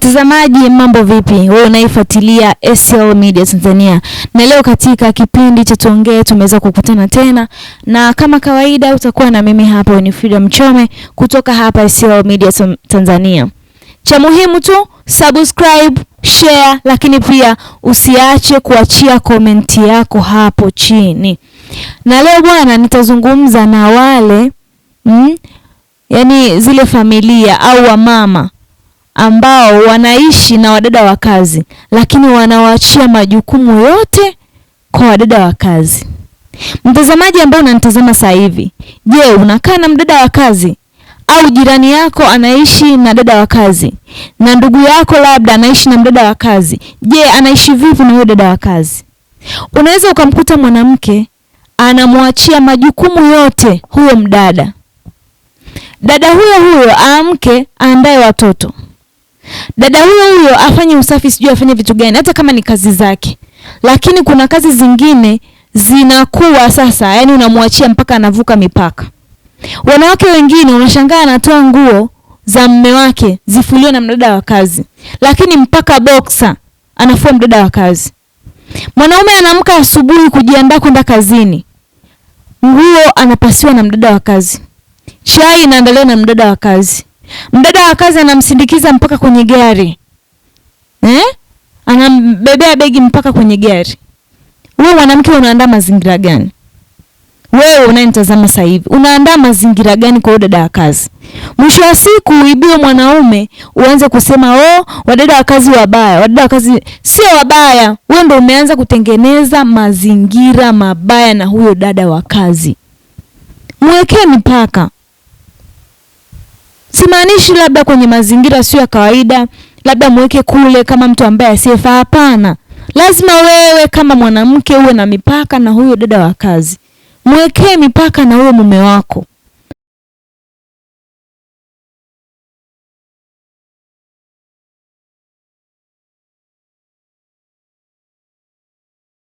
Mtazamaji, mambo vipi? Wewe unaifuatilia SL Media Tanzania, na leo katika kipindi cha tuongee tumeweza kukutana tena, na kama kawaida utakuwa na mimi hapa, ni Freedom Chome kutoka hapa SL Media Tanzania. Cha muhimu tu subscribe, share, lakini pia usiache kuachia komenti yako hapo chini. Na leo bwana, nitazungumza na wale mm, yani zile familia au wamama ambao wanaishi na wadada wa kazi, lakini wanawaachia majukumu yote kwa wadada wa kazi. Mtazamaji ambaye unanitazama sasa hivi, je, unakaa na mdada wa kazi au jirani yako anaishi na dada wa kazi na ndugu yako labda anaishi na mdada wa kazi? Je, anaishi vipi na huyo dada wa kazi? Unaweza ukamkuta mwanamke anamwachia majukumu yote huyo mdada, dada huyo huyo amke aandae watoto dada huyo huyo afanye usafi, sijui afanye vitu gani, hata kama ni kazi zake, lakini kuna kazi zingine zinakuwa sasa, yani unamwachia mpaka anavuka mipaka. Wanawake wengine unashangaa anatoa nguo za mme wake zifuliwe na mdada wa kazi, lakini mpaka boksa anafua mdada wa kazi. Mwanaume anaamka asubuhi kujiandaa kwenda kazini, nguo anapasiwa na mdada wa kazi, chai inaandaliwa na mdada wa kazi, Mdada wa kazi anamsindikiza mpaka kwenye gari eh? Anambebea begi mpaka kwenye gari. Wewe mwanamke unaandaa mazingira gani? Wewe unayenitazama sasa hivi unaandaa mazingira gani kwa dada wa kazi? Mwisho wa siku uibiwe mwanaume, uanze kusema oh, wadada wa kazi wabaya, wadada wa kazi sio wabaya. Wewe ndio umeanza kutengeneza mazingira mabaya na huyo dada wa kazi. Mwekee mipaka. Simaanishi labda kwenye mazingira sio ya kawaida, labda muweke kule kama mtu ambaye asiyefaa. Hapana, lazima wewe kama mwanamke uwe na mipaka na huyo dada wa kazi, mwekee mipaka na huyo mume wako.